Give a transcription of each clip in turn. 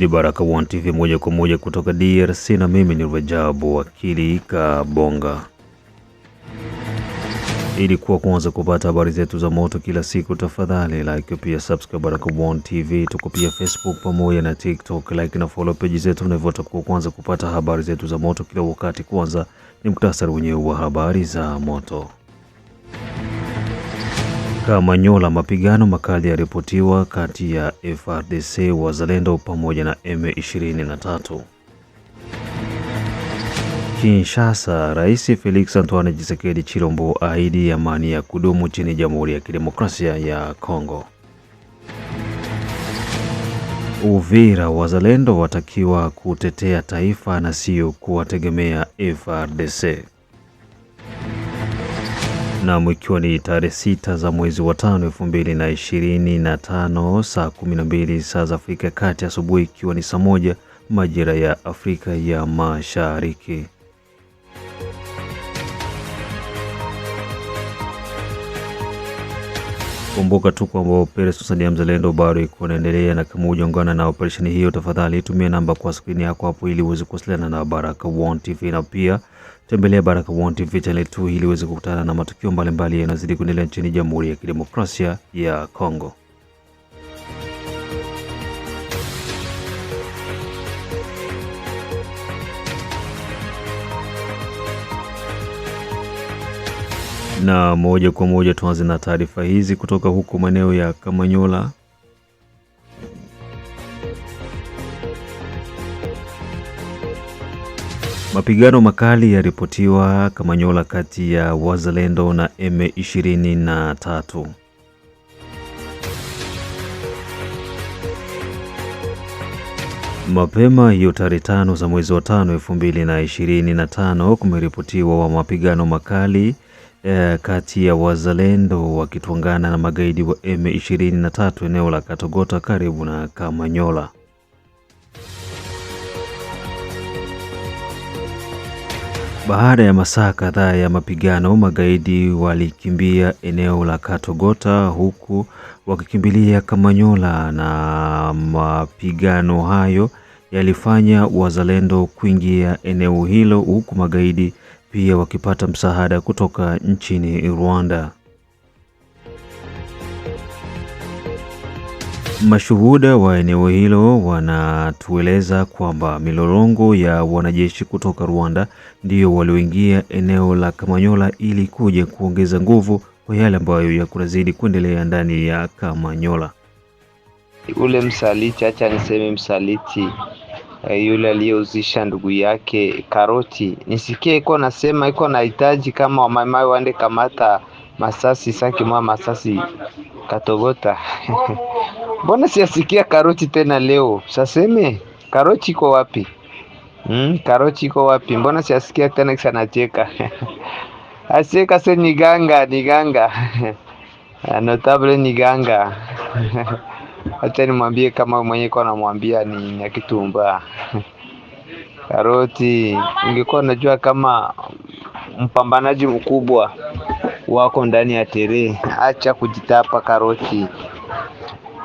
ni Baraka One TV moja kwa moja kutoka DRC na mimi ni Rajabu Wakili Kabonga. Ili kuwa kwanza kupata habari zetu za moto kila siku, tafadhali like pia subscribe Baraka One TV. Tuko pia Facebook pamoja na TikTok, like na follow page zetu, unavyotakuwa kuwa kwanza kupata habari zetu za moto kila wakati. Kwanza ni muhtasari wenyewe wa habari za moto. Kamanyola, mapigano makali yaripotiwa kati ya frdc wazalendo pamoja na M23. Kinshasa, Rais Felix Antoine Tshisekedi Chilombo ahidi amani ya kudumu chini Jamhuri ya Kidemokrasia ya Kongo. Uvira, wazalendo watakiwa kutetea taifa na sio kuwategemea frdc Nam, ikiwa ni tarehe sita za mwezi wa tano elfu mbili na ishirini na tano saa kumi na mbili saa za Afrika ya Kati asubuhi, ikiwa ni saa moja majira ya Afrika ya Mashariki. Kumbuka tu kwamba operesheni ya Mzalendo bado iko inaendelea, na kama hujaungana na operesheni hiyo, tafadhali tumia namba kwa skrini yako hapo ili uweze kuwasiliana na Baraka1 TV na pia tembelea Baraka1 TV channel 2 ili uweze kukutana na matukio mbalimbali yanayozidi kuendelea nchini Jamhuri ya Kidemokrasia ya Kongo. Na moja kwa moja tuanze na taarifa hizi kutoka huko maeneo ya Kamanyola Mapigano makali yaripotiwa Kamanyola kati ya Wazalendo na M23. Mapema hiyo tarehe tano za mwezi wa tano elfu mbili na ishirini na tano kumeripotiwa wa mapigano makali eh, kati ya Wazalendo wakitwangana na magaidi wa M23 eneo la Katogota karibu na Kamanyola. Baada ya masaa kadhaa ya mapigano, magaidi walikimbia eneo la Katogota huku wakikimbilia Kamanyola na mapigano hayo yalifanya wazalendo kuingia eneo hilo huku magaidi pia wakipata msaada kutoka nchini Rwanda. Mashuhuda wa eneo hilo wanatueleza kwamba milolongo ya wanajeshi kutoka Rwanda ndio walioingia eneo la Kamanyola ili kuja kuongeza nguvu kwa yale ambayo yakunazidi kuendelea ndani ya Kamanyola. Ule msaliti, acha niseme msaliti, eh, yule aliyeuzisha ndugu yake karoti, nisikie iko nasema iko nahitaji kama wamamai waende kamata masasi saki mwa masasi katogota Mbona siasikia karoti tena leo? Saseme karoti iko wapi? Mm, karoti iko wapi? Mbona siasikia tena kisa nacheka. Asieka se ni ganga, ni ganga. Notable ni ganga. Acha nimwambie kama mwenye kwa namwambia ni Nyakitumba. Karoti, ungekuwa unajua kama mpambanaji mkubwa wako ndani ya tere. Acha kujitapa Karoti.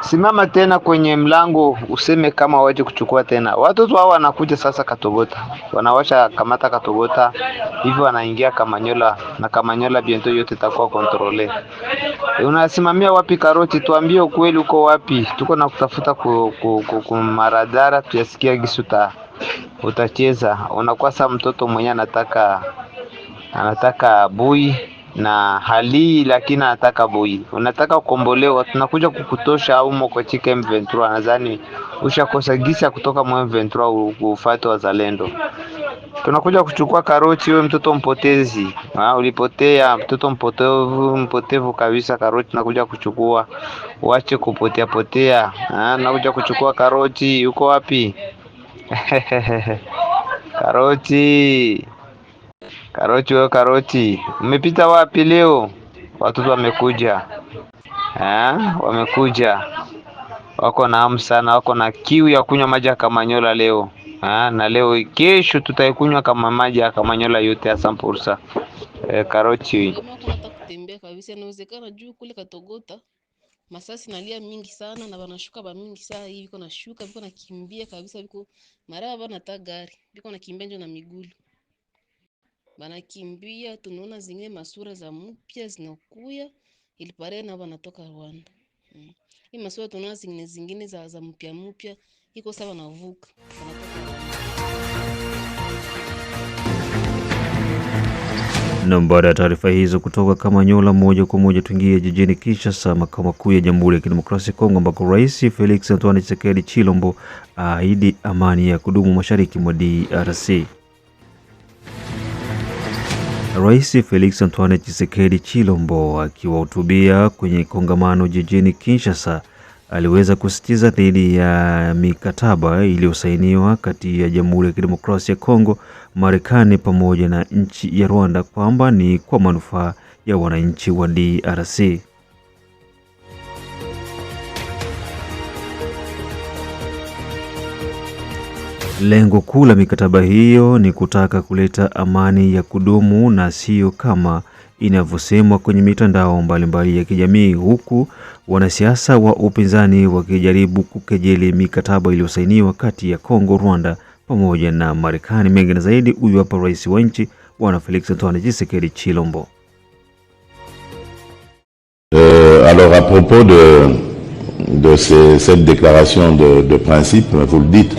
Simama tena kwenye mlango useme kama waje kuchukua tena. Watoto hao wanakuja sasa Katogota, wanawasha kamata Katogota, hivyo wanaingia Kamanyola na Kamanyola biento yote itakuwa kontrole. E, eh, unasimamia wapi Karoti? Tuambie ukweli, uko wapi? Tuko na kutafuta ku, ku, ku, ku maradara tuyasikia gisuta utacheza. Unakuwa saa mtoto mwenye anataka anataka bui na hali lakini anataka boi, unataka kukombolewa, tunakuja kukutosha aumo katika M23. Nadhani ushakosa gisa kutoka mwa M23 ufuate wazalendo. Tunakuja kuchukua karoti, wewe mtoto mpotezi ha, ulipotea mtoto mpotevu, mpotevu kabisa. Karoti nakuja kuchukua, uache kupotea potea. Ha, nakuja kuchukua karoti, yuko wapi? karoti Karoti wewe, Karoti, umepita wapi leo? Watoto wamekuja eh, Wamekuja, wako na hamu sana, wako na kiu ya kunywa maji ya Kamanyola leo ha? Na leo kesho tutaikunywa kama maji ya Kamanyola yote ya sampursa. E, eh, Karoti kutembea kabisa, inawezekana juu kule Katogota masasi nalia mingi sana na banashuka ba mingi saa hii, biko nashuka biko nakimbia kabisa, biko mara bana ta gari biko nakimbia njo na migulu banakimbia. Tunaona zingine masura za mpya zinakuya, ilipare na wanatoka Rwanda. Mm. Hii masura tunaona zingine zingine za, za mpya mpya iko sawa wanavuka na baada ya taarifa hizo kutoka Kamanyola, moja kwa moja tuingie jijini Kinshasa, makao makuu ya Jamhuri ya Kidemokrasia ya Kongo, ambako Rais Felix Antoine Tshisekedi Chilombo aahidi amani ya kudumu mashariki mwa DRC. Rais Felix Antoine Tshisekedi Chilombo akiwahutubia kwenye kongamano jijini Kinshasa aliweza kusitiza dhidi ya mikataba iliyosainiwa kati ya Jamhuri ya Kidemokrasia ya Kongo, Marekani pamoja na nchi ya Rwanda kwamba ni kwa manufaa ya wananchi wa DRC. Lengo kuu la mikataba hiyo ni kutaka kuleta amani ya kudumu na sio kama inavyosemwa kwenye mitandao mbalimbali ya kijamii, huku wanasiasa wa upinzani wakijaribu kukejeli mikataba iliyosainiwa kati ya Kongo, Rwanda pamoja na Marekani. mengi na zaidi, huyu hapa rais wa nchi Bwana Felix Antoine Tshisekedi Chilombo. Euh, alors à propos de de ces, cette déclaration de de principe vous le dites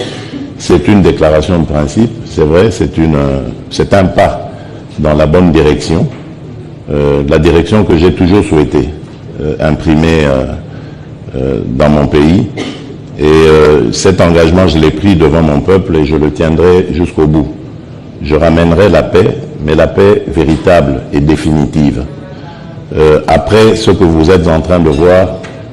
C'est une déclaration de principe, c'est vrai, c'est un pas dans la bonne direction, euh, la direction que j'ai toujours souhaité euh, imprimer euh, dans mon pays. Et cet engagement, je l'ai pris devant mon peuple et je le tiendrai jusqu'au bout. Je ramènerai la paix, mais la paix véritable et définitive. après ce que vous êtes en train de voir,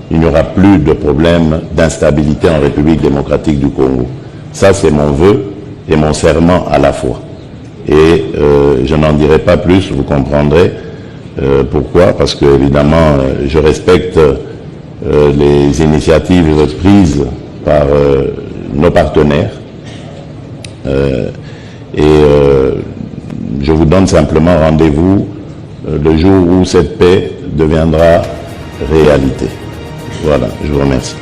il n'y aura plus de problème d'instabilité en République démocratique du Congo. Ça, c'est mon vœu et mon serment à la fois. Et euh, je n'en dirai pas plus, vous comprendrez euh, pourquoi, parce que évidemment, euh, je respecte les initiatives prises par nos partenaires. et je vous donne simplement rendez-vous le jour où cette paix deviendra réalité. Voilà, je vous remercie.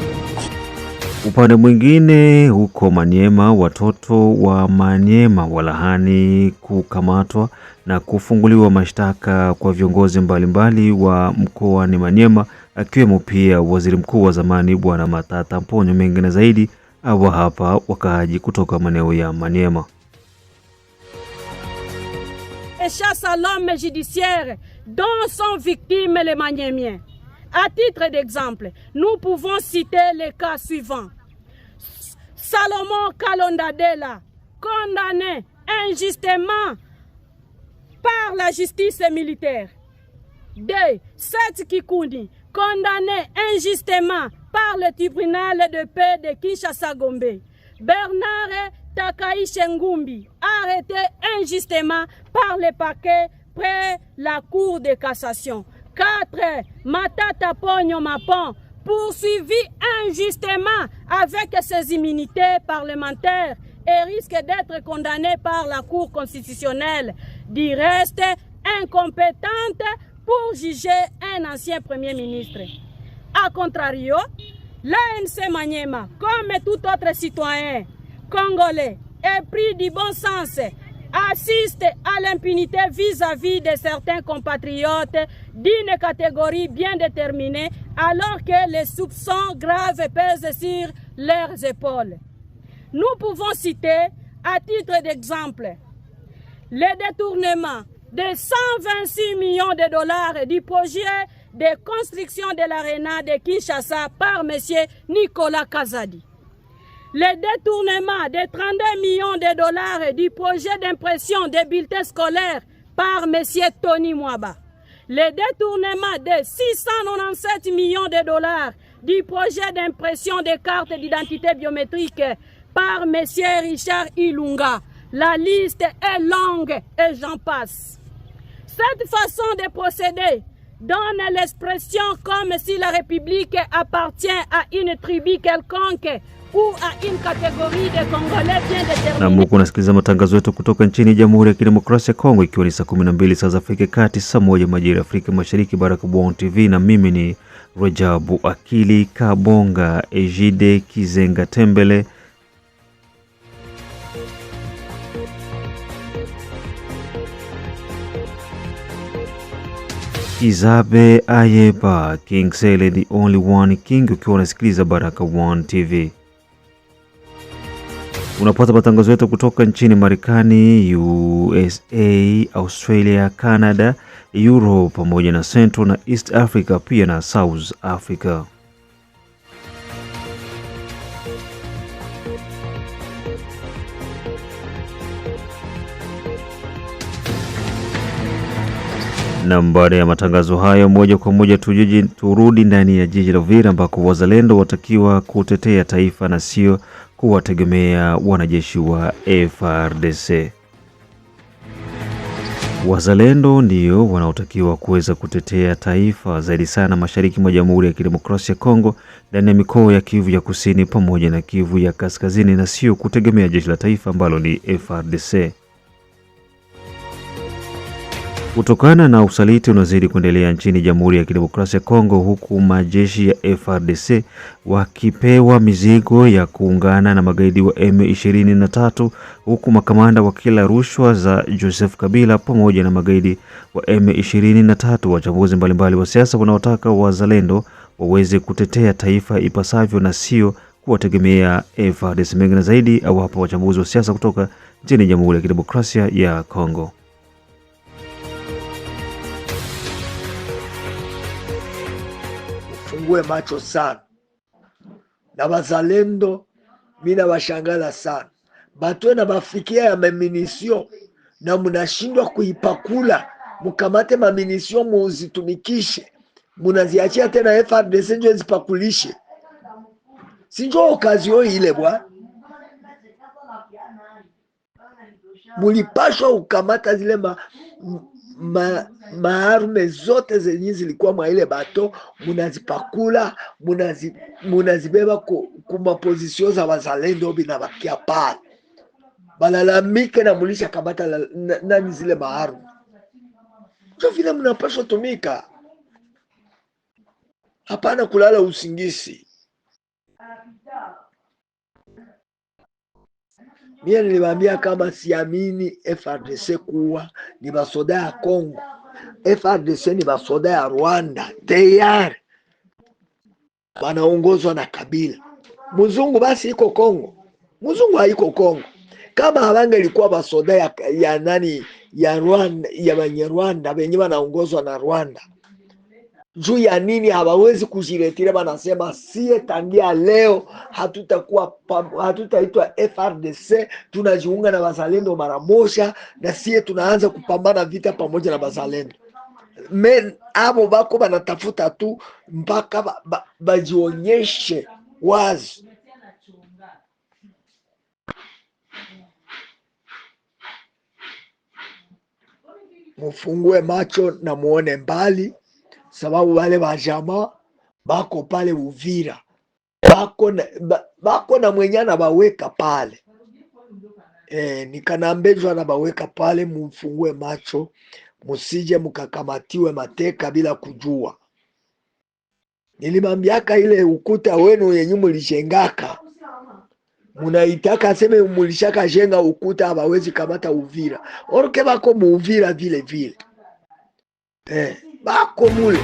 Upande mwingine huko Manyema, watoto wa Manyema walahani kukamatwa na kufunguliwa mashtaka kwa viongozi mbalimbali wa mkoani Manyema, akiwemo pia waziri mkuu wa zamani Bwana Matata Mponyo. Mengine zaidi awa hapa wakaaji kutoka maeneo ya Manyema. Et l'homme judiciaire dont sont victimes les Manyemiens. À titre d'exemple, nous pouvons citer les cas suivants. Salomon Kalondadela, condamné injustement par la justice militaire. de Seth Kikundi, condamné injustement par le tribunal de paix de Kinshasa-Gombe. Bernard Takai Shengumbi, arrêté injustement par le parquet près la cour de cassation. 4. Matata Pogno Mapon, poursuivi injustement avec ses immunités parlementaires et risque d'être condamné par la Cour constitutionnelle. d'y reste, incompétente pour juger un ancien Premier ministre. A contrario, l'ANC Maniema, comme tout autre citoyen congolais, est pris du bon sens, assiste à l'impunité vis-à-vis de certains compatriotes d'une catégorie bien déterminée alors que les soupçons graves pèsent sur leurs épaules. Nous pouvons citer, à titre d'exemple, le détournement de 126 millions de dollars du projet de construction de l'aréna de Kinshasa par M. Nicolas Kazadi. Le détournement de 32 millions de dollars du projet d'impression des bulletins scolaires par M. Tony Mwaba. Le détournement de 697 millions de dollars du projet d'impression des cartes d'identité biométrique par M. Richard Ilunga. La liste est longue et j'en passe. Cette façon de procéder donne l'expression comme si la République appartient à une tribu quelconque ou à une catégorie de Congolais bien déterminée. Na muko unasikiliza matangazo yetu kutoka nchini Jamhuri ya Kidemokrasia ya Kongo, ikiwa ni saa 12 saa za Afrika Kati, saa moja majira ya Afrika Mashariki. Baraka Bon TV na mimi ni Rajabu Akili Kabonga, Ejide Kizenga Tembele Kizabe Ayeba, King Sele the only one king, ukiwa unasikiliza Baraka One TV. Unapata matangazo yetu kutoka nchini Marekani, USA, Australia, Canada, Europe pamoja na Central na East Africa pia na South Africa. Na baada ya matangazo hayo, moja kwa moja tujiji turudi ndani ya jiji la Uvira ambako wazalendo watakiwa kutetea taifa na sio kuwategemea wanajeshi wa frdc Wazalendo ndio wanaotakiwa kuweza kutetea taifa zaidi sana mashariki mwa Jamhuri ya Kidemokrasia ya Kongo, ndani ya mikoa ya Kivu ya Kusini pamoja na Kivu ya Kaskazini, na sio kutegemea jeshi la taifa ambalo ni frdc kutokana na usaliti unaozidi kuendelea nchini Jamhuri ya Kidemokrasia ya Kongo, huku majeshi ya frdc wakipewa mizigo ya kuungana na magaidi wa M23, huku makamanda wa kila rushwa za Joseph Kabila pamoja na magaidi wa M23. Wachambuzi mbalimbali wa siasa wanaotaka wazalendo waweze kutetea taifa ipasavyo na sio kuwategemea Mengi na zaidi awapo wachambuzi wa siasa kutoka nchini Jamhuri ya Kidemokrasia ya Kongo. tufungue macho sana na bazalendo, mi nabashangala sana batwe na bafikia ya maminisio na mnashindwa kuipakula, mukamate maminisio muzitumikishe, munaziachia tena FRDC njo zipakulishe, sinjo okazio ile bwa mulipashwa ukamata zile ma ma, maarme zote zenye zilikuwa mwa ile bato munazipakula munazi, munazibeba kumapozisio ku za wazalendo binabakia pale balalamike na mulisha kabata la, na, nani zile maarme ndio vile mnapaswa tumika, hapana kulala usingisi. Mie niliwaambia kama siamini FRDC kuwa ni masoda ya Kongo. FRDC ni masoda ya Rwanda tayari, wanaongozwa na Kabila. Mzungu basi iko Kongo, mzungu haiko Kongo. Kama hawange ilikuwa masoda ya, ya nani ya Rwanda, ya wenye Rwanda wanaongozwa na Rwanda juu ya nini hawawezi kujiretire? Banasema sie tangia leo hatutakuwa hatutaitwa FRDC, tunajiunga na bazalendo mara moja, na sie tunaanza kupambana vita pamoja na bazalendo. Men abo bako banatafuta tu mpaka ba, ba, bajionyeshe wazi. Mufungue macho na muone mbali sababu bale bajama bako pale Uvira bako na, bako na mwenya na baweka pale e, nikanambezwa na baweka pale. Mufungue macho, musije mukakamatiwe mateka bila kujua. Nilimambiaka ile ukuta wenu yenyu mulijengaka munaitaka seme mulishaka jenga ukuta abawezi kamata Uvira oruke bako muuvira vile vile eh bako mule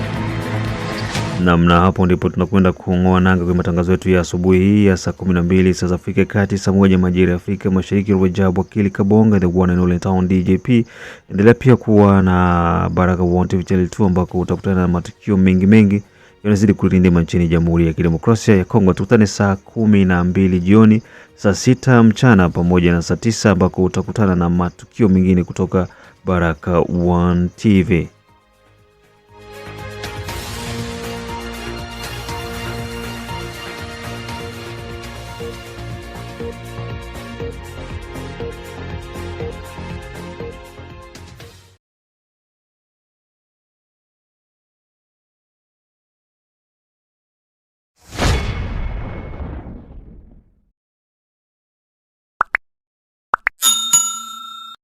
namna hapo ndipo tunakwenda kung'oa nanga kwenye matangazo yetu ya asubuhi hii ya saa kumi na mbili saa za Afrika kati, saa moja majira ya Afrika Mashariki. Rajabu Akili Kabonga, the one and only town DJP. Endelea pia kuwa na Baraka One TV channel 2 ambako utakutana na matukio mengi mengi yanazidi kulindima nchini Jamhuri ya Kidemokrasia ya Kongo. Tukutane saa kumi na mbili jioni, saa sita mchana pamoja na saa tisa ambako utakutana na matukio mengine kutoka Baraka One TV.